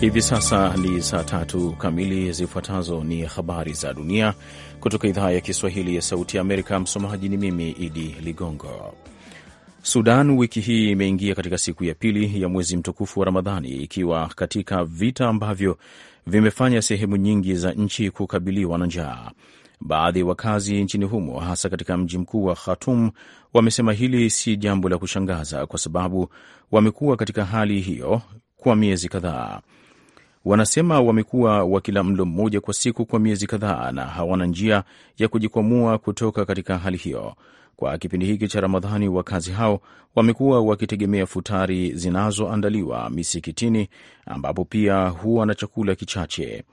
Hivi sasa ni saa tatu kamili. Zifuatazo ni habari za dunia kutoka idhaa ya Kiswahili ya Sauti ya Amerika. Msomaji ni mimi Idi Ligongo. Sudan wiki hii imeingia katika siku ya pili ya mwezi mtukufu wa Ramadhani ikiwa katika vita ambavyo vimefanya sehemu nyingi za nchi kukabiliwa na njaa. Baadhi ya wakazi nchini humo hasa katika mji mkuu wa Khartoum wamesema hili si jambo la kushangaza, kwa sababu wamekuwa katika hali hiyo kwa miezi kadhaa. Wanasema wamekuwa wakila mlo mmoja kwa siku kwa miezi kadhaa na hawana njia ya kujikwamua kutoka katika hali hiyo. Kwa kipindi hiki cha Ramadhani, wakazi hao wamekuwa wakitegemea futari zinazoandaliwa misikitini, ambapo pia huwa na chakula kichache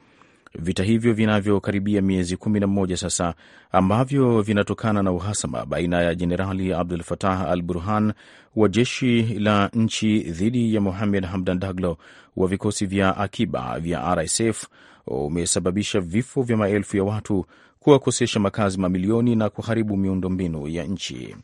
vita hivyo vinavyokaribia miezi kumi na mmoja sasa, ambavyo vinatokana na uhasama baina ya Jenerali Abdul Fatah al Burhan wa jeshi la nchi dhidi ya Mohamed Hamdan Daglo wa vikosi vya akiba vya RSF umesababisha vifo vya maelfu ya watu, kuwakosesha makazi mamilioni na kuharibu miundombinu ya nchi.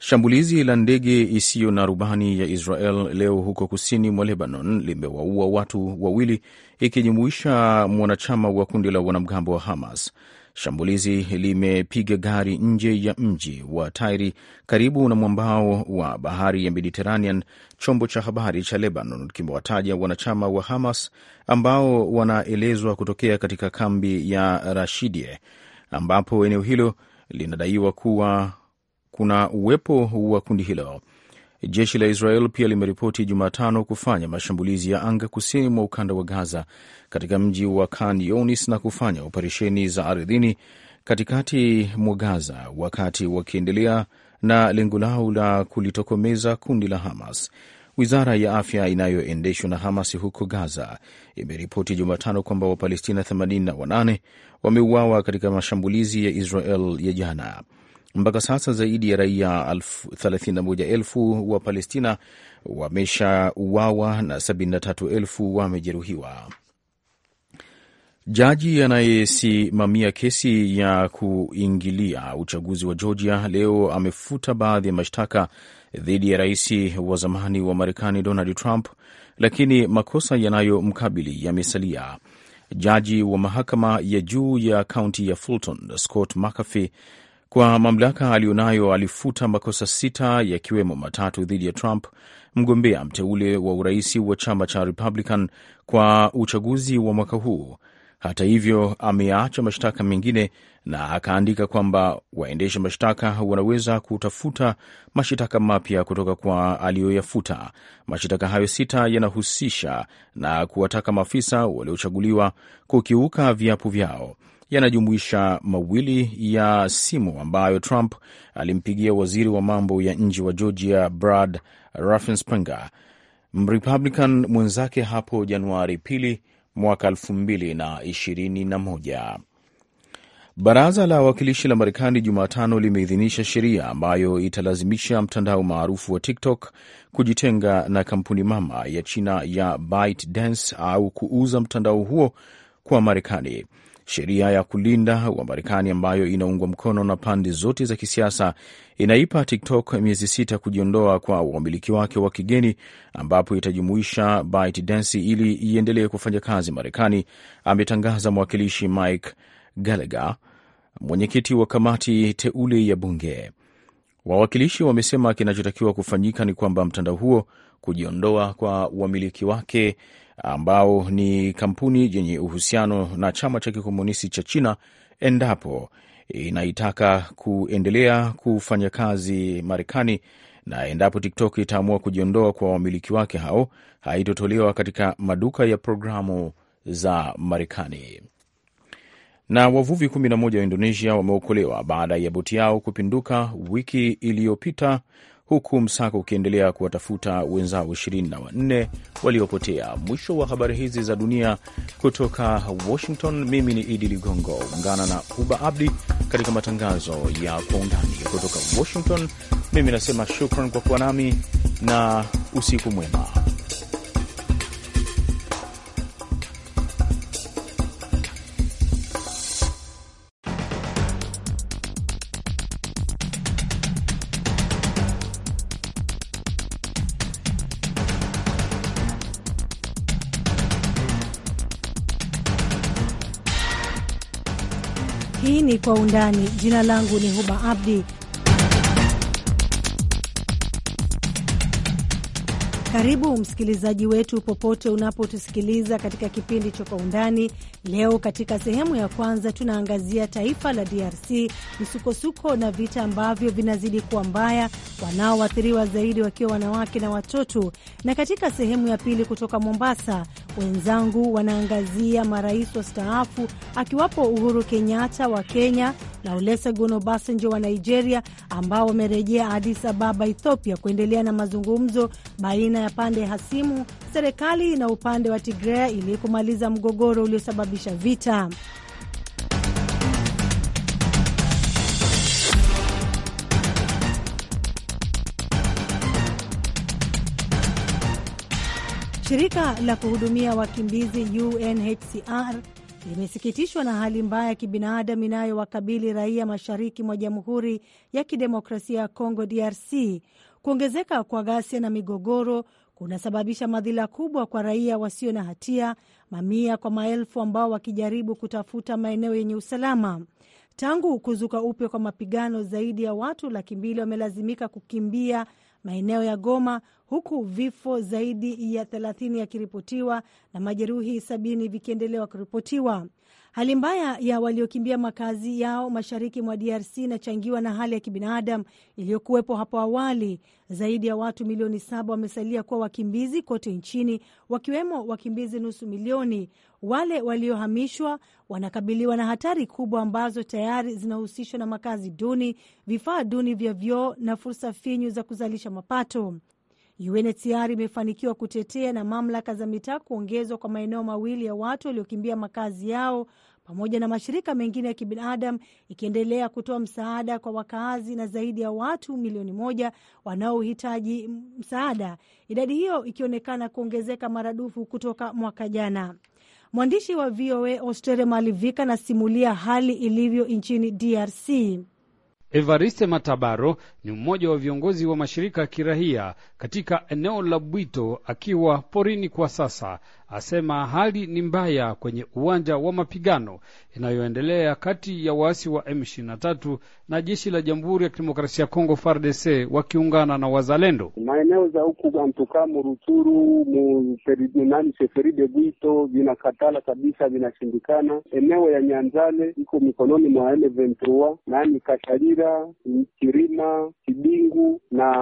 Shambulizi la ndege isiyo na rubani ya Israel leo huko kusini mwa Lebanon limewaua watu wawili, ikijumuisha mwanachama wa kundi la wanamgambo wa Hamas. Shambulizi limepiga gari nje ya mji wa Tairi karibu na mwambao wa bahari ya Mediterranean. Chombo cha habari cha Lebanon kimewataja wanachama wa Hamas ambao wanaelezwa kutokea katika kambi ya Rashidie, ambapo eneo hilo linadaiwa kuwa kuna uwepo wa kundi hilo. Jeshi la Israel pia limeripoti Jumatano kufanya mashambulizi ya anga kusini mwa ukanda wa Gaza, katika mji wa Khan Younis na kufanya operesheni za ardhini katikati mwa Gaza, wakati wakiendelea na lengo lao la kulitokomeza kundi la Hamas. Wizara ya afya inayoendeshwa na Hamas huko Gaza imeripoti Jumatano kwamba Wapalestina 88 wameuawa katika mashambulizi ya Israel ya jana. Mpaka sasa zaidi ya raia 31,000 wa Palestina wameshauawa na 73,000 wamejeruhiwa. Jaji anayesimamia kesi ya kuingilia uchaguzi wa Georgia leo amefuta baadhi ya mashtaka dhidi ya rais wa zamani wa Marekani Donald Trump, lakini makosa yanayomkabili yamesalia. Jaji wa mahakama ya juu ya kaunti ya Fulton Scott McAfee kwa mamlaka aliyonayo alifuta makosa sita yakiwemo matatu dhidi ya Trump, mgombea mteule wa urais wa chama cha Republican kwa uchaguzi wa mwaka huu. Hata hivyo, ameacha mashtaka mengine na akaandika kwamba waendesha mashtaka wanaweza kutafuta mashitaka mapya kutoka kwa aliyoyafuta. Mashitaka hayo sita yanahusisha na kuwataka maafisa waliochaguliwa kukiuka viapo vyao yanajumuisha mawili ya simu ambayo Trump alimpigia waziri wa mambo ya nje wa Georgia Brad Raffensperger Mrepublican mwenzake hapo Januari pili mwaka moja. Baraza la Wawakilishi la Marekani Jumatano limeidhinisha sheria ambayo italazimisha mtandao maarufu wa TikTok kujitenga na kampuni mama ya China ya ByteDance au kuuza mtandao huo kwa Marekani. Sheria ya kulinda wa Marekani ambayo inaungwa mkono na pande zote za kisiasa inaipa TikTok miezi sita kujiondoa kwa wamiliki wake wa kigeni, ambapo itajumuisha ByteDance ili iendelee kufanya kazi Marekani, ametangaza mwakilishi Mike Gallagher, mwenyekiti wa kamati teule ya bunge. Wawakilishi wamesema kinachotakiwa kufanyika ni kwamba mtandao huo kujiondoa kwa wamiliki wake ambao ni kampuni yenye uhusiano na chama cha kikomunisti cha China endapo inaitaka kuendelea kufanya kazi Marekani na endapo TikTok itaamua kujiondoa kwa wamiliki wake hao, haitotolewa katika maduka ya programu za Marekani. Na wavuvi 11 wa Indonesia wameokolewa baada ya boti yao kupinduka wiki iliyopita huku msako ukiendelea kuwatafuta wenzao ishirini na wanne waliopotea. Mwisho wa habari hizi za dunia kutoka Washington. Mimi ni Idi Ligongo, ungana na uba Abdi katika matangazo ya kwa undani kutoka Washington. Mimi nasema shukran kwa kuwa nami na usiku mwema. Kwa Undani. Jina langu ni Huba Abdi. Karibu msikilizaji wetu popote unapotusikiliza katika kipindi cha Kwa Undani. Leo katika sehemu ya kwanza, tunaangazia taifa la DRC, misukosuko na vita ambavyo vinazidi kuwa mbaya, wanaoathiriwa zaidi wakiwa wanawake na watoto. Na katika sehemu ya pili kutoka Mombasa, Wenzangu wanaangazia marais wa staafu akiwapo Uhuru Kenyatta wa Kenya na Olusegun Obasanjo wa Nigeria, ambao wamerejea Addis Ababa, Ethiopia, kuendelea na mazungumzo baina ya pande hasimu, serikali na upande wa tigrea ili kumaliza mgogoro uliosababisha vita. Shirika la kuhudumia wakimbizi UNHCR limesikitishwa na hali mbaya ya kibinadamu inayowakabili raia mashariki mwa Jamhuri ya Kidemokrasia ya Kongo, DRC. Kuongezeka kwa ghasia na migogoro kunasababisha madhila kubwa kwa raia wasio na hatia, mamia kwa maelfu ambao wakijaribu kutafuta maeneo yenye usalama. Tangu kuzuka upya kwa mapigano, zaidi ya watu laki mbili wamelazimika kukimbia maeneo ya Goma, huku vifo zaidi ya thelathini yakiripotiwa na majeruhi sabini vikiendelewa kuripotiwa. Hali mbaya ya waliokimbia makazi yao mashariki mwa DRC inachangiwa na hali ya kibinadamu iliyokuwepo hapo awali. Zaidi ya watu milioni saba wamesalia kuwa wakimbizi kote nchini, wakiwemo wakimbizi nusu milioni. Wale waliohamishwa wanakabiliwa na hatari kubwa ambazo tayari zinahusishwa na makazi duni, vifaa duni vya vyoo na fursa finyu za kuzalisha mapato. UNHCR imefanikiwa kutetea na mamlaka za mitaa kuongezwa kwa maeneo mawili ya watu waliokimbia makazi yao pamoja na mashirika mengine ya kibinadamu ikiendelea kutoa msaada kwa wakaazi na zaidi ya watu milioni moja wanaohitaji msaada, idadi hiyo ikionekana kuongezeka maradufu kutoka mwaka jana. Mwandishi wa VOA Australia Malivika anasimulia hali ilivyo nchini DRC. Evariste Matabaro ni mmoja wa viongozi wa mashirika ya kirahia katika eneo la Bwito akiwa porini kwa sasa asema hali ni mbaya kwenye uwanja wa mapigano inayoendelea kati ya waasi wa M23 na jeshi la Jamhuri ya Kidemokrasia ya Kongo FARDC wakiungana na wazalendo maeneo za huku Gantukamu, Ruchuru, nani Sheferi de Bwito vinakatala kabisa, vinashindikana. Eneo ya Nyanzale iko mikononi mwa M23, nani Kasharira, Kirima, Kibingu na,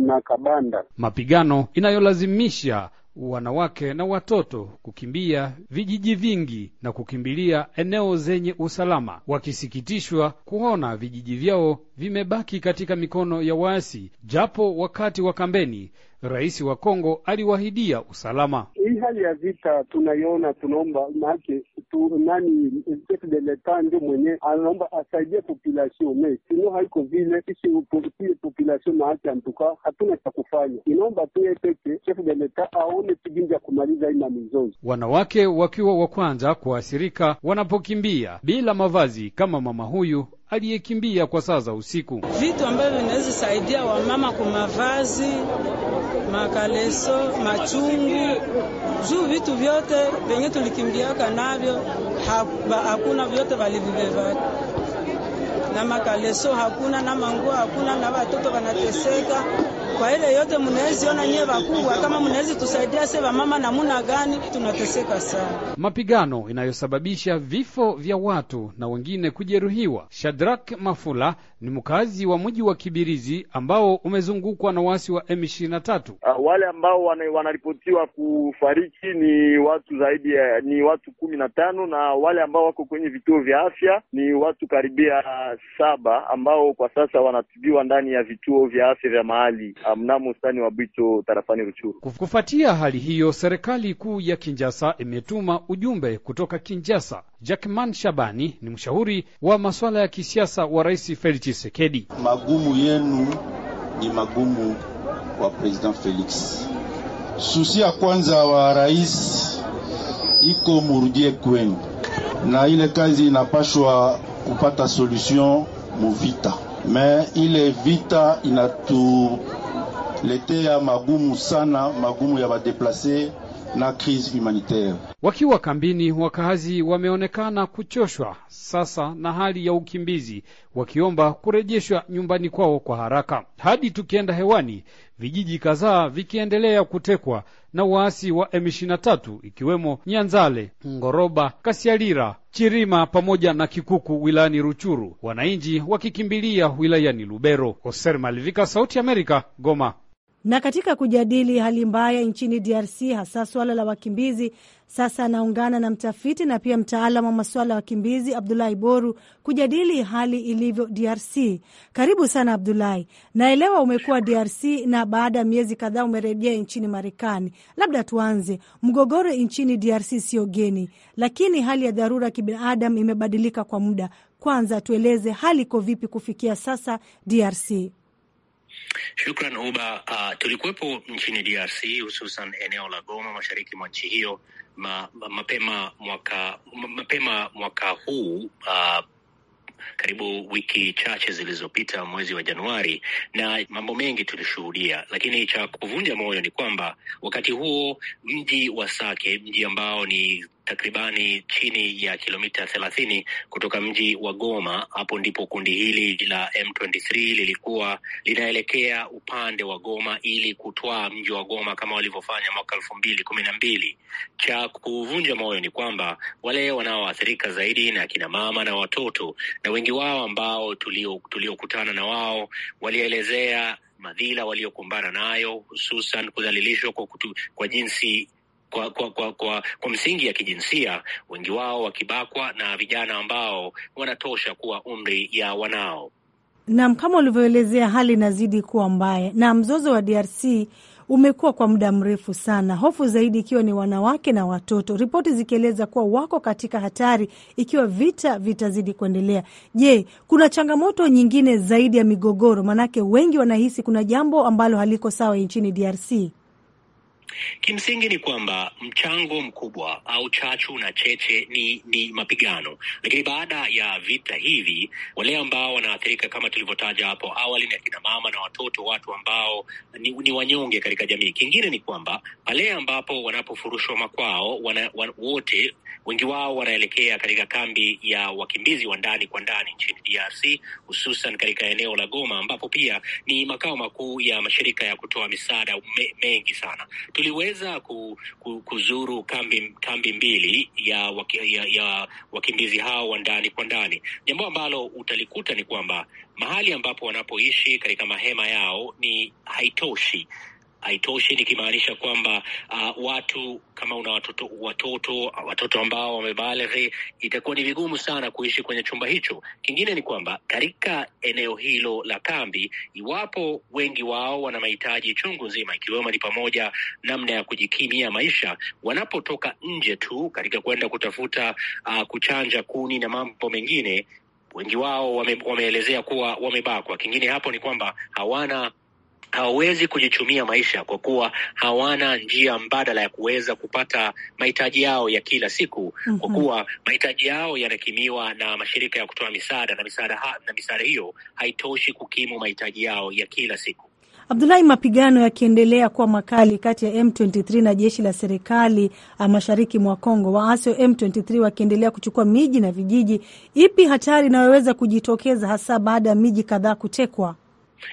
na Kabanda, mapigano inayolazimisha wanawake na watoto kukimbia vijiji vingi na kukimbilia eneo zenye usalama, wakisikitishwa kuona vijiji vyao vimebaki katika mikono ya waasi, japo wakati wa kampeni rais wa Kongo aliwahidia usalama. Hii hali ya vita tunaiona, tunaomba make tu, nani chef de leta ndio mwenyee anaomba asaidie population me sino haiko vile isie population maake antuka hatuna cha kufanya, inaomba tuyepeke peke chef de leta aone tujinji ya kumaliza hii mamizozi. Wanawake wakiwa wa kwanza kuathirika wanapokimbia bila mavazi kama mama huyu aliyekimbia kwa saa za usiku. Vitu ambavyo vinaweza saidia wamama kwa mavazi, makaleso, machungu juu vitu vyote venye tulikimbiaka navyo hakuna, vyote valivibeva na makaleso hakuna, na manguo hakuna, na watoto wanateseka kwa ile yote mnaezi ona nyewe wakubwa, kama mnaezi tusaidia sasa mama na muna gani, tunateseka sana. Mapigano inayosababisha vifo vya watu na wengine kujeruhiwa. Shadrak Mafula ni mkazi wa mji wa Kibirizi ambao umezungukwa na wasi wa M23. Uh, ah, wale ambao wanaripotiwa kufariki ni watu zaidi ya ni watu kumi na tano na wale ambao wako kwenye vituo vya afya ni watu karibia saba ambao kwa sasa wanatibiwa ndani ya vituo vya afya vya mahali. Ah, mnamo ustani wa Bicho tarafani Ruchuru. Kufuatia hali hiyo, serikali kuu ya Kinjasa imetuma ujumbe kutoka Kinjasa. Jackman Shabani ni mshauri wa masuala ya kisiasa wa Rais Felix Tshisekedi. Magumu yenu ni magumu kwa President Felix. Susi ya kwanza wa rais iko murudie kwenu, na ile kazi inapashwa kupata solution muvita, me ile vita inatu letea magumu sana, magumu ya wadeplase na krizi humanitaire. Wakiwa kambini, wakazi wameonekana kuchoshwa sasa na hali ya ukimbizi, wakiomba kurejeshwa nyumbani kwao kwa haraka. Hadi tukienda hewani, vijiji kadhaa vikiendelea kutekwa na waasi wa M23 ikiwemo Nyanzale, Ngoroba, Kasialira, Chirima pamoja na Kikuku wilayani Ruchuru, wananchi wakikimbilia wilayani Lubero. Oser Malivika, Sauti ya Amerika, Goma. Na katika kujadili hali mbaya nchini DRC, hasa suala la wakimbizi, sasa anaungana na mtafiti na pia mtaalam wa masuala ya wakimbizi Abdulahi Boru kujadili hali ilivyo DRC. Karibu sana Abdulahi, naelewa umekuwa DRC na baada ya miezi kadhaa umerejea nchini Marekani. Labda tuanze, mgogoro nchini DRC sio geni, lakini hali ya dharura ya kibinadamu imebadilika kwa muda. Kwanza tueleze hali iko vipi kufikia sasa DRC? Shukran Uba. Uh, tulikuwepo nchini DRC hususan eneo la Goma, mashariki mwa nchi hiyo ma, ma, mapema mwaka ma, mapema mwaka huu uh, karibu wiki chache zilizopita mwezi wa Januari, na mambo mengi tulishuhudia, lakini cha kuvunja moyo ni kwamba wakati huo mji wa Sake, mji ambao ni takribani chini ya kilomita thelathini kutoka mji wa Goma. Hapo ndipo kundi hili la M23 lilikuwa linaelekea upande wa Goma ili kutwaa mji wa Goma kama walivyofanya mwaka elfu mbili kumi na mbili. Cha kuvunja moyo ni kwamba wale wanaoathirika zaidi na kina mama na watoto, na wengi wao ambao tuliokutana tulio na wao walielezea madhila waliokumbana nayo hususan kudhalilishwa kwa, kwa jinsi kwa, kwa, kwa, kwa, kwa msingi ya kijinsia, wengi wao wakibakwa na vijana ambao wanatosha kuwa umri ya wanao. Naam, kama ulivyoelezea, hali inazidi kuwa mbaya na mzozo wa DRC umekuwa kwa muda mrefu sana, hofu zaidi ikiwa ni wanawake na watoto, ripoti zikieleza kuwa wako katika hatari ikiwa vita vitazidi kuendelea. Je, kuna changamoto nyingine zaidi ya migogoro? Maanake wengi wanahisi kuna jambo ambalo haliko sawa nchini DRC. Kimsingi ni kwamba mchango mkubwa au chachu na cheche ni, ni mapigano, lakini baada ya vita hivi wale ambao wanaathirika kama tulivyotaja hapo awali ni akina mama na watoto, watu ambao ni, ni wanyonge katika jamii. Kingine ni kwamba pale ambapo wanapofurushwa makwao wana, wan, wote Wengi wao wanaelekea katika kambi ya wakimbizi wa ndani kwa ndani nchini DRC, hususan katika eneo la Goma ambapo pia ni makao makuu ya mashirika ya kutoa misaada me, mengi sana. Tuliweza ku, ku, kuzuru kambi, kambi mbili ya, waki, ya, ya wakimbizi hao wa ndani kwa ndani. Jambo ambalo utalikuta ni kwamba mahali ambapo wanapoishi katika mahema yao ni haitoshi haitoshi, nikimaanisha kwamba uh, watu kama una watoto watoto watoto ambao wamebalighi, itakuwa ni vigumu sana kuishi kwenye chumba hicho. Kingine ni kwamba katika eneo hilo la kambi, iwapo wengi wao wana mahitaji chungu nzima, ikiwemo ni pamoja namna ya kujikimia maisha, wanapotoka nje tu katika kwenda kutafuta uh, kuchanja kuni na mambo mengine, wengi wao wame, wameelezea kuwa wamebakwa. Kingine hapo ni kwamba hawana hawawezi kujichumia maisha kwa kuwa hawana njia mbadala ya kuweza kupata mahitaji yao ya kila siku, mm -hmm. kwa kuwa mahitaji yao yanakimiwa na mashirika ya kutoa misaada na misaada ha, na misaada hiyo haitoshi kukimu mahitaji yao ya kila siku. Abdulahi, mapigano yakiendelea kuwa makali kati ya M23 na jeshi la serikali ah, mashariki mwa Kongo, waasi wa M23 wakiendelea kuchukua miji na vijiji, ipi hatari inayoweza kujitokeza hasa baada ya miji kadhaa kutekwa?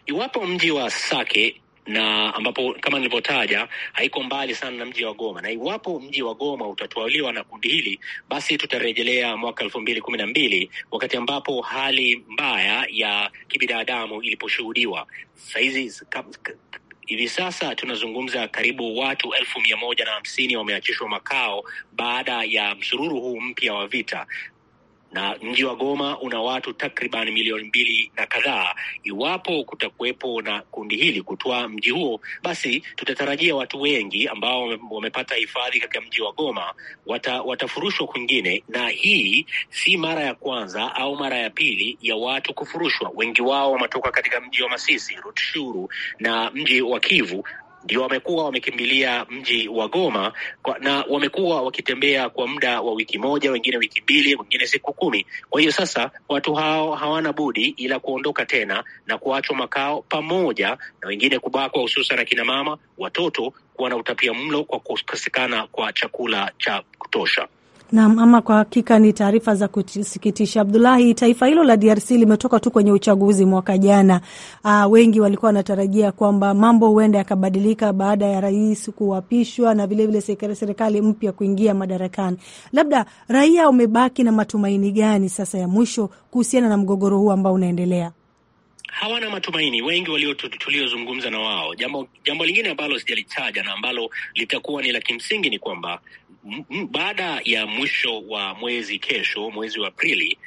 Iwapo mji wa Sake na ambapo kama nilivyotaja haiko mbali sana na mji wa Goma, na iwapo mji wa Goma utatwaliwa na kundi hili, basi tutarejelea mwaka elfu mbili kumi na mbili wakati ambapo hali mbaya ya kibinadamu iliposhuhudiwa. Sahizi hivi sasa tunazungumza karibu watu elfu mia moja na hamsini wameachishwa makao baada ya msururu huu mpya wa vita na mji wa Goma una watu takriban milioni mbili na kadhaa. Iwapo kutakuwepo na kundi hili kutoa mji huo, basi tutatarajia watu wengi ambao wamepata hifadhi katika mji wa Goma wata, watafurushwa kwingine, na hii si mara ya kwanza au mara ya pili ya watu kufurushwa. Wengi wao wametoka katika mji wa Masisi, Rutshuru na mji wa Kivu ndio wamekuwa wamekimbilia mji wa Goma kwa, na wamekuwa wakitembea kwa muda wa wiki moja, wengine wiki mbili, wengine siku kumi. Kwa hiyo sasa watu hao hawana budi ila kuondoka tena na kuachwa makao, pamoja na wengine kubakwa, hususan akina mama, watoto kuwa na utapia mlo kwa kukosekana kwa chakula cha kutosha. Naam, ama kwa hakika ni taarifa za kusikitisha Abdulahi. Taifa hilo la DRC limetoka tu kwenye uchaguzi mwaka jana. Aa, ah, wengi walikuwa wanatarajia kwamba mambo huenda yakabadilika baada ya rais kuapishwa na vilevile serikali mpya kuingia madarakani. Labda raia umebaki na matumaini gani sasa ya mwisho kuhusiana na mgogoro huu ambao unaendelea? Hawana matumaini wengi walio tuliozungumza na wao. Jambo jambo lingine ambalo sijalitaja na ambalo litakuwa ni la kimsingi ni kwamba baada ya mwisho wa mwezi kesho, mwezi wa Aprili,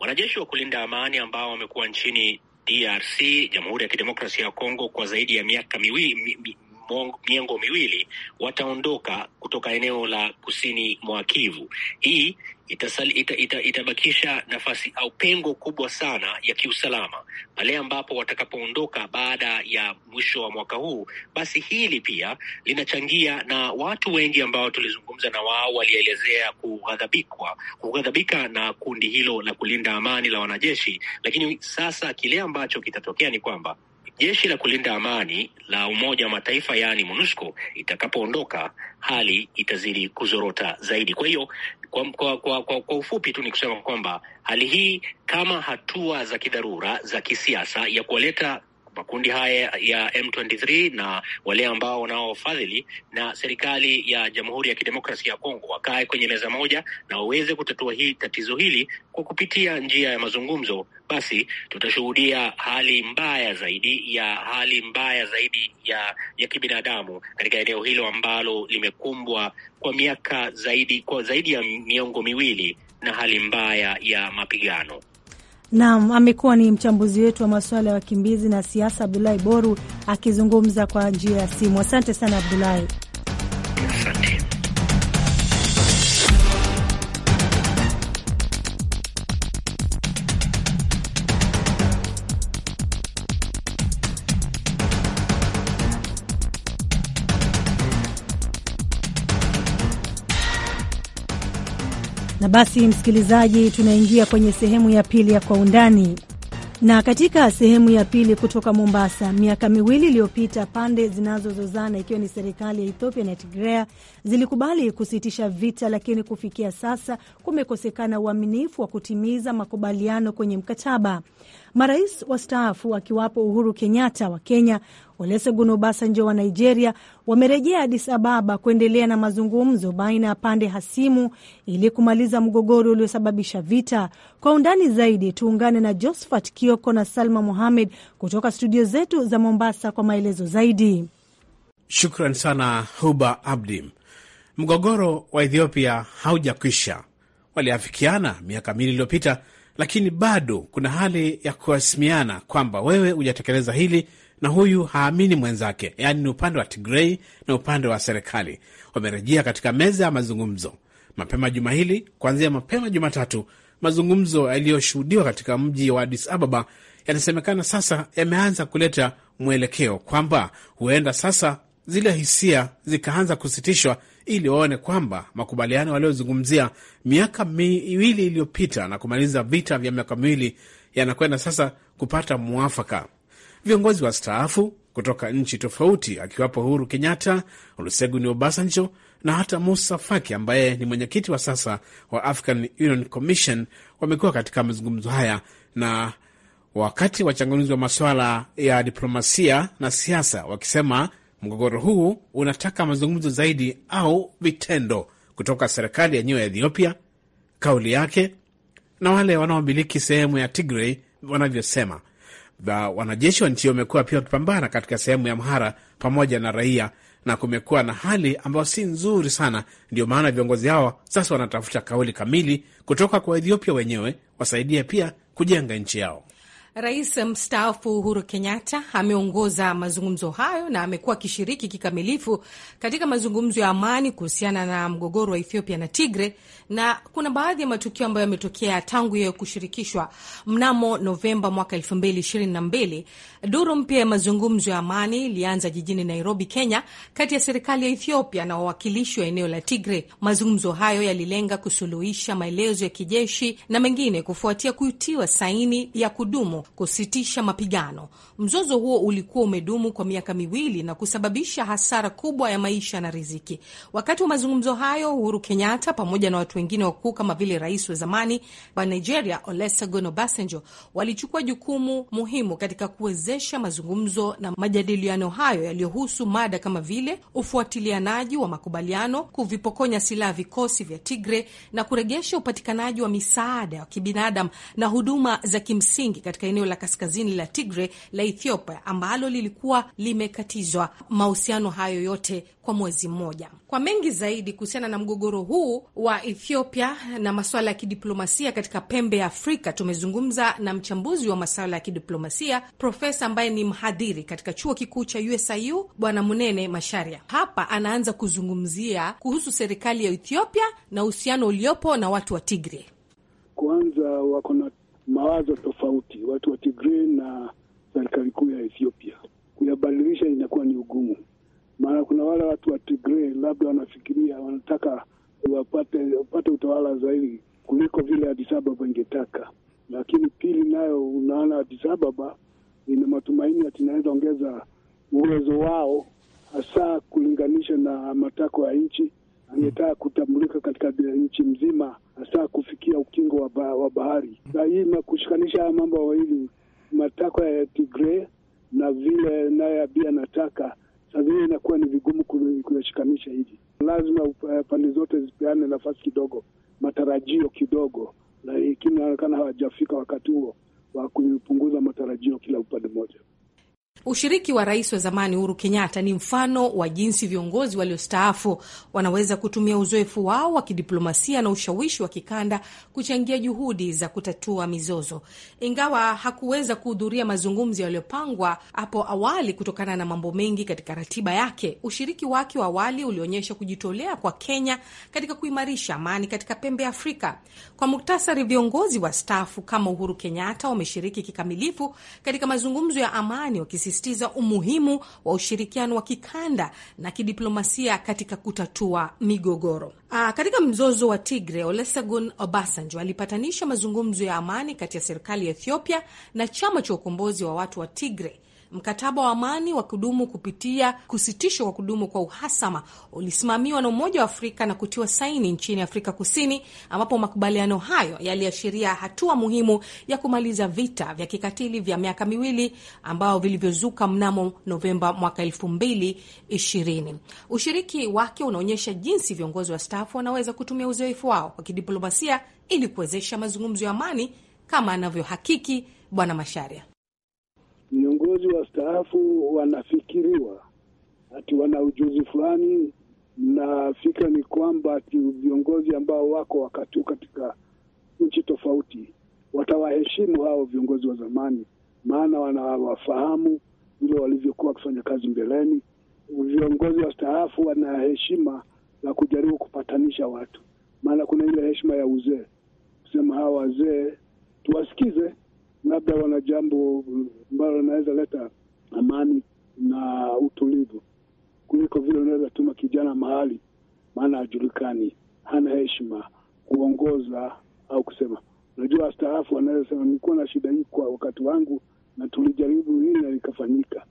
wanajeshi wa kulinda amani ambao wamekuwa nchini DRC, Jamhuri ya Kidemokrasia ya Kongo, kwa zaidi ya miaka miwili mi, mi, miongo miwili wataondoka kutoka eneo la kusini mwa Kivu. Hii itasali, ita, ita, itabakisha nafasi au pengo kubwa sana ya kiusalama pale ambapo watakapoondoka baada ya mwisho wa mwaka huu. Basi hili pia linachangia, na watu wengi ambao tulizungumza na wao walielezea kughadhabikwa, kughadhabika na kundi hilo la kulinda amani la wanajeshi, lakini sasa kile ambacho kitatokea ni kwamba jeshi la kulinda amani la Umoja wa Mataifa yaani MONUSCO itakapoondoka, hali itazidi kuzorota zaidi. Kwa hiyo kwa, kwa, kwa, kwa, kwa ufupi tu ni kusema kwamba hali hii kama hatua za kidharura za kisiasa ya kuwaleta makundi haya ya M23 na wale ambao wanaofadhili na serikali ya Jamhuri ya Kidemokrasia ya Kongo wakae kwenye meza moja na waweze kutatua hii tatizo hili kwa kupitia njia ya mazungumzo, basi tutashuhudia hali mbaya zaidi ya hali mbaya zaidi ya ya kibinadamu katika eneo hilo ambalo limekumbwa kwa miaka zaidi kwa zaidi ya miongo miwili na hali mbaya ya mapigano. Naam, amekuwa ni mchambuzi wetu wa masuala ya wakimbizi na siasa Abdulahi Boru akizungumza kwa njia ya simu. Asante sana Abdulahi. basi msikilizaji, tunaingia kwenye sehemu ya pili ya kwa undani. Na katika sehemu ya pili kutoka Mombasa, miaka miwili iliyopita, pande zinazozozana ikiwa ni serikali ya Ethiopia na Tigrea zilikubali kusitisha vita, lakini kufikia sasa kumekosekana uaminifu wa kutimiza makubaliano kwenye mkataba. Marais wastaafu akiwapo Uhuru Kenyatta wa Kenya, Olusegun Obasanjo wa Nigeria wamerejea Addis Ababa kuendelea na mazungumzo baina ya pande hasimu ili kumaliza mgogoro uliosababisha vita. Kwa undani zaidi, tuungane na Josephat Kioko na Salma Mohamed kutoka studio zetu za Mombasa kwa maelezo zaidi. Shukran sana Huba Abdi. Mgogoro wa Ethiopia haujakwisha. Waliafikiana miaka miwili iliyopita lakini bado kuna hali ya kuasimiana kwamba wewe hujatekeleza hili na huyu haamini mwenzake. Yaani ni upande wa Tigrei na upande wa serikali wamerejea katika meza ya mazungumzo mapema juma hili. Kuanzia mapema Jumatatu, mazungumzo yaliyoshuhudiwa katika mji wa Addis Ababa yanasemekana sasa yameanza kuleta mwelekeo kwamba huenda sasa zile hisia zikaanza kusitishwa ili waone kwamba makubaliano waliozungumzia miaka miwili iliyopita na kumaliza vita vya miaka miwili yanakwenda sasa kupata mwafaka. Viongozi wa staafu kutoka nchi tofauti akiwapo Uhuru Kenyatta, Olusegun Obasanjo na hata Musa Faki ambaye ni mwenyekiti wa sasa wa African Union Commission wamekuwa katika mazungumzo haya na wakati wachanganuzi wa masuala ya diplomasia na siasa wakisema Mgogoro huu unataka mazungumzo zaidi au vitendo kutoka serikali yenyewe ya Ethiopia, kauli yake na wale wanaomiliki sehemu ya Tigray wanavyosema. wanajeshi wa nchi hiyo wamekuwa pia wakipambana katika sehemu ya mhara pamoja na raia, na kumekuwa na hali ambayo si nzuri sana. Ndio maana viongozi hawa sasa wanatafuta kauli kamili kutoka kwa Ethiopia wenyewe, wasaidie pia kujenga nchi yao. Rais mstaafu Uhuru Kenyatta ameongoza mazungumzo hayo na amekuwa akishiriki kikamilifu katika mazungumzo ya amani kuhusiana na mgogoro wa Ethiopia na Tigre, na kuna baadhi ya matukio ambayo yametokea tangu yeye kushirikishwa mnamo Novemba mwaka 2022. Duru mpya ya mazungumzo ya amani ilianza jijini Nairobi, Kenya, kati ya serikali ya Ethiopia na wawakilishi wa eneo la Tigre. Mazungumzo hayo yalilenga kusuluhisha maelezo ya kijeshi na mengine kufuatia kutiwa saini ya kudumu kusitisha mapigano. Mzozo huo ulikuwa umedumu kwa miaka miwili na kusababisha hasara kubwa ya maisha na riziki. Wakati wa mazungumzo hayo, Uhuru Kenyatta pamoja na watu wengine wakuu kama vile rais wa zamani wa Nigeria Olusegun Obasanjo walichukua jukumu muhimu katika kuwezesha mazungumzo na majadiliano hayo yaliyohusu mada kama vile ufuatilianaji wa makubaliano, kuvipokonya silaha vikosi vya Tigre na kuregesha upatikanaji wa misaada ya kibinadamu na huduma za kimsingi katika eneo la kaskazini la Tigre la Ethiopia ambalo lilikuwa limekatizwa mahusiano hayo yote kwa mwezi mmoja. Kwa mengi zaidi kuhusiana na mgogoro huu wa Ethiopia na masuala ya kidiplomasia katika pembe ya Afrika, tumezungumza na mchambuzi wa masuala ya kidiplomasia profesa ambaye ni mhadhiri katika chuo kikuu cha USIU Bwana Munene Masharia. Hapa anaanza kuzungumzia kuhusu serikali ya Ethiopia na uhusiano uliopo na watu wa Tigre. Kwanza wako na mawazo tofauti, watu wa Tigray na serikali kuu ya Ethiopia. Kuyabadilisha inakuwa ni ugumu, maana kuna wale watu wa Tigray labda wanafikiria wanataka wapate, wapate utawala zaidi kuliko vile Addis Ababa ingetaka. Lakini pili, nayo unaona Addis Ababa ina matumaini ati inaweza ongeza uwezo wao hasa kulinganisha na matakwa ya nchi anayetaka kutambulika katika nchi mzima, hasa kufikia ukingo wa, ba, wa bahari na hii kushikanisha haya mambo mawili, matakwa ya Tigray na vile naye Abiy anataka sasa hivi inakuwa ni vigumu kuyashikanisha hivi. Lazima pande zote zipeane nafasi kidogo, matarajio kidogo, lakini inaonekana hawajafika wakati huo wa kupunguza matarajio kila upande mmoja. Ushiriki wa rais wa zamani Uhuru Kenyatta ni mfano wa jinsi viongozi waliostaafu wanaweza kutumia uzoefu wao wa kidiplomasia na ushawishi wa kikanda kuchangia juhudi za kutatua mizozo. Ingawa hakuweza kuhudhuria mazungumzo yaliyopangwa hapo awali kutokana na mambo mengi katika ratiba yake, ushiriki wake wa awali ulionyesha kujitolea kwa Kenya katika kuimarisha amani katika pembe ya Afrika. Kwa muktasari, viongozi wastaafu kama Uhuru Kenyatta wameshiriki kikamilifu katika mazungumzo ya amani wakisi kusisitiza umuhimu wa ushirikiano wa kikanda na kidiplomasia katika kutatua migogoro. Aa, ah, katika mzozo wa Tigre, Olusegun Obasanjo alipatanisha mazungumzo ya amani kati ya serikali ya Ethiopia na chama cha ukombozi wa watu wa Tigre Mkataba wa amani wa kudumu kupitia kusitishwa kwa kudumu kwa uhasama ulisimamiwa na Umoja wa Afrika na kutiwa saini nchini Afrika Kusini, ambapo makubaliano hayo yaliashiria hatua muhimu ya kumaliza vita vya kikatili vya miaka miwili ambao vilivyozuka mnamo Novemba mwaka 2020. Ushiriki wake unaonyesha jinsi viongozi wa stafu wanaweza kutumia uzoefu wao wa kidiplomasia ili kuwezesha mazungumzo ya amani kama anavyohakiki Bwana Masharia viongozi wa staafu wanafikiriwa ati wana ujuzi fulani, na fikra ni kwamba ati viongozi ambao wako wakati huu katika nchi tofauti watawaheshimu hao viongozi wa zamani, maana wanawafahamu vile walivyokuwa wakifanya kazi mbeleni. Viongozi wa staafu wana heshima la kujaribu kupatanisha watu, maana kuna ile heshima ya uzee kusema hawa wazee tuwasikize labda wana jambo ambalo linaweza leta amani na utulivu kuliko vile unaweza tuma kijana mahali, maana hajulikani, hana heshima kuongoza au kusema. Unajua, astaafu anaweza sema nilikuwa na shida hii kwa wakati wangu na tulijaribu hili na likafanyika.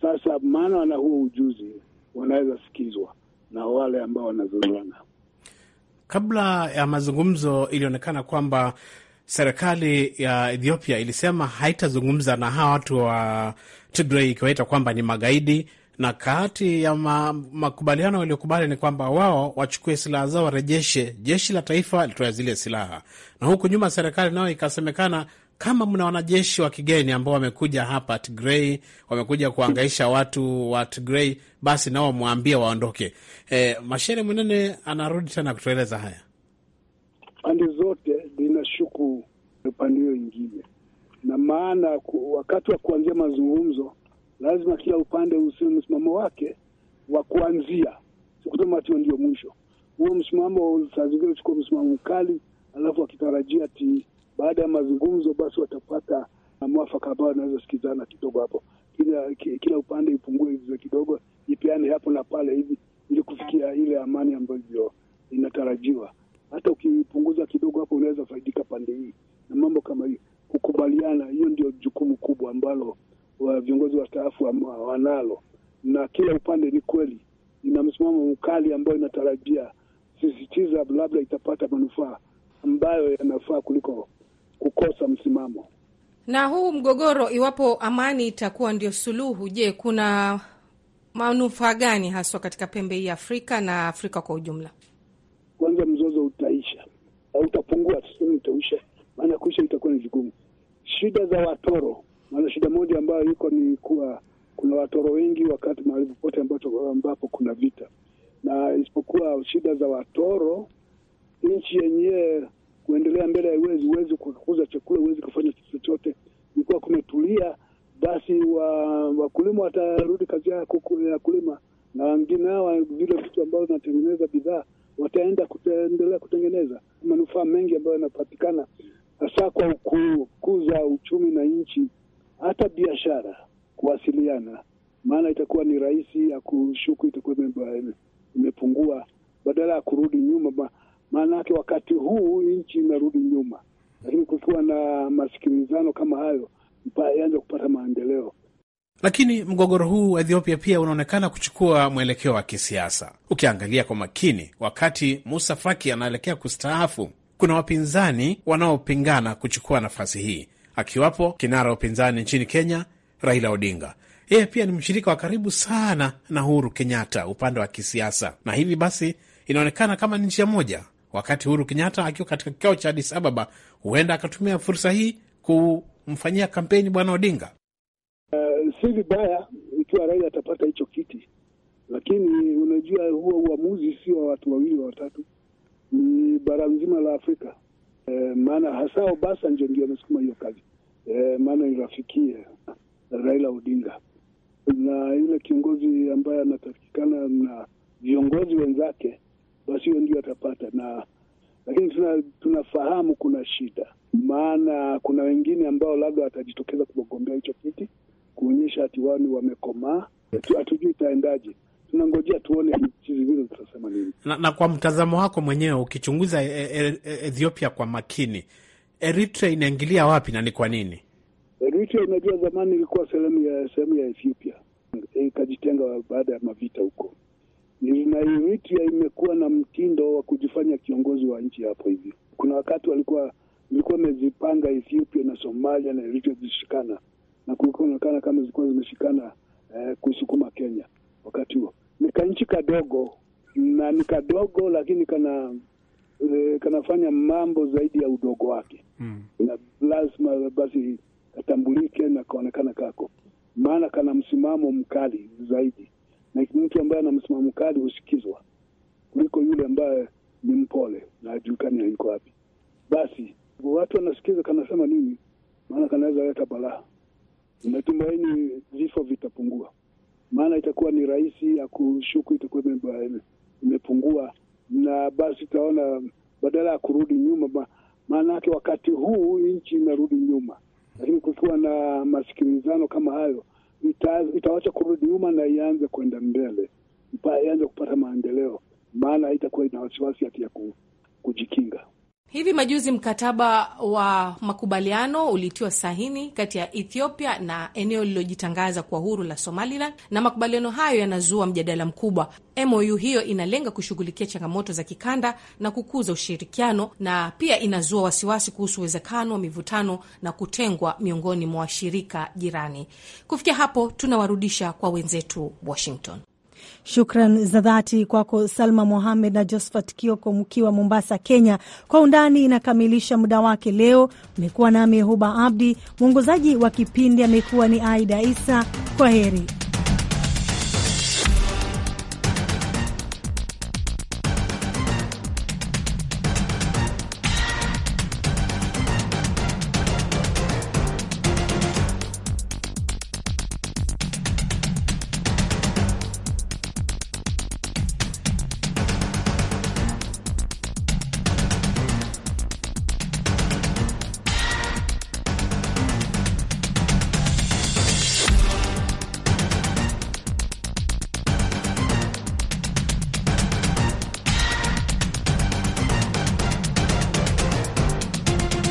Sasa maana wana huo ujuzi, wanaweza sikizwa na wale ambao wanazozana. Kabla ya mazungumzo ilionekana kwamba serikali ya Ethiopia ilisema haitazungumza na hawa watu wa Tigray ikiwaita kwamba ni magaidi, na kati ya ma, makubaliano waliokubali ni kwamba wao wachukue silaha zao warejeshe, jeshi la taifa litoe zile silaha. Na huku nyuma serikali nayo ikasemekana kama mna wanajeshi wa kigeni ambao wamekuja hapa Tigrei, wamekuja kuangaisha watu wa Tigrei, basi nao mwambie waondoke. E, Mashere Mwenene anarudi tena kutueleza haya. na maana wakati wa kuanzia mazungumzo lazima kila upande usiwe msimamo wake wa kuanzia, sikusema ati ndio mwisho. Huo msimamo saa zingine uchukua msimamo mkali, alafu wakitarajia ati baada ya mazungumzo basi watapata mwafaka ambao wanaweza sikizana kidogo hapo, kila kila upande ipungue hizo kidogo, ipeane hapo na pale hivi, ili kufikia ile amani ambayo inatarajiwa. Hata ukipunguza kidogo hapo, unaweza faidika pande hii na mambo kama hii kukubaliana. Hiyo ndio jukumu kubwa ambalo wa viongozi wastaafu wanalo, na kila upande ni kweli ina msimamo mkali ambayo inatarajia sisitiza labda itapata manufaa ambayo yanafaa kuliko kukosa msimamo. Na huu mgogoro, iwapo amani itakuwa ndio suluhu, je, kuna manufaa gani haswa katika pembe hii ya Afrika na Afrika kwa ujumla? Kwanza mzozo utaisha au utapungua, tuseme utaisha, maana kuisha itakuwa ni vigumu shida za watoro. Maana shida moja ambayo iko ni kuwa kuna watoro wengi wakati mahali popote ambapo kuna vita, na isipokuwa shida za watoro, nchi yenyewe kuendelea mbele haiwezi, huwezi kukuza chakula, huwezi kufanya chochote. Ilikuwa kumetulia, basi wakulima wa watarudi kazi ya kulima, na wengine hawa vile vitu ambavyo vinatengeneza bidhaa wataenda kutendelea kutengeneza manufaa mengi ambayo yanapatikana hasa kwa kukuza uchumi na nchi, hata biashara, kuwasiliana, maana itakuwa ni rahisi ya kushuku, itakuwa imepungua badala ya kurudi nyuma. Maana yake wakati huu nchi inarudi nyuma, lakini kukiwa na masikilizano kama hayo ianze kupata maendeleo. Lakini mgogoro huu wa Ethiopia pia unaonekana kuchukua mwelekeo wa kisiasa ukiangalia kwa makini. Wakati Musa Faki anaelekea kustaafu, kuna wapinzani wanaopingana kuchukua nafasi hii, akiwapo kinara wa upinzani nchini Kenya Raila Odinga. Yeye pia ni mshirika wa karibu sana na Uhuru Kenyatta upande wa kisiasa, na hivi basi inaonekana kama ni njia moja. Wakati Uhuru Kenyatta akiwa katika kikao cha Addis Ababa, huenda akatumia fursa hii kumfanyia kampeni bwana Odinga. Uh, si vibaya ikiwa Raila atapata hicho kiti, lakini unajua huo uamuzi sio wa watu wawili wa watatu ni bara nzima la Afrika e, maana hasa Obasanjo ndio amesukuma hiyo kazi e, maana irafikie Raila Odinga na yule kiongozi ambaye anatakikana na viongozi wenzake, basi hiyo ndio atapata na lakini tuna, tunafahamu kuna shida, maana kuna wengine ambao labda watajitokeza kugombea hicho kiti kuonyesha hati wao ni wamekomaa. Hatujui itaendaje tunangojea tuone nchi zingine zitasema nini. Na, na kwa mtazamo wako mwenyewe ukichunguza e e e Ethiopia kwa makini, Eritrea inaingilia wapi na ni kwa nini? Eritrea unajua, zamani ilikuwa sehemu ya sehemu ya Ethiopia e, ikajitenga e, baada ya mavita huko, na Eritrea imekuwa na mtindo wa kujifanya kiongozi wa nchi hapo. Hivyo kuna wakati walikuwa ilikuwa imezipanga Ethiopia na Somalia na Eritrea zishikana, na kulikuwa inaonekana kama zilikuwa zimeshikana eh, kusukuma Kenya wakati huo. Ni kanchi kadogo na ni kadogo, lakini kana e, kanafanya mambo zaidi ya udogo wake mm. na lazima basi atambulike na kaonekana kako, maana kana msimamo mkali zaidi, na mtu ambaye ana msimamo mkali husikizwa kuliko yule ambaye ni mpole na ajulikani yuko wapi. Basi watu wanasikiza kanasema nini, maana kanaweza leta balaa. Natumaini vifo vitapungua maana itakuwa ni rahisi ya kushuku, itakuwa imepungua, na basi utaona badala ya kurudi nyuma, maana yake wakati huu nchi inarudi nyuma, lakini kukiwa na masikilizano kama hayo ita, itawacha kurudi nyuma na ianze kwenda mbele, ianze kupata maendeleo, maana itakuwa ina wasiwasi hati ya kujikinga. Hivi majuzi mkataba wa makubaliano ulitiwa sahini kati ya Ethiopia na eneo lililojitangaza kwa huru la Somaliland, na makubaliano hayo yanazua mjadala mkubwa. MOU hiyo inalenga kushughulikia changamoto za kikanda na kukuza ushirikiano, na pia inazua wasiwasi kuhusu uwezekano wa mivutano na kutengwa miongoni mwa washirika jirani. Kufikia hapo, tunawarudisha kwa wenzetu Washington. Shukran za dhati kwako Salma Mohamed na Josphat Kioko mkiwa Mombasa, Kenya. Kwa Undani inakamilisha muda wake leo. Umekuwa nami Huba Abdi, mwongozaji wa kipindi amekuwa ni Aida Isa. Kwa heri.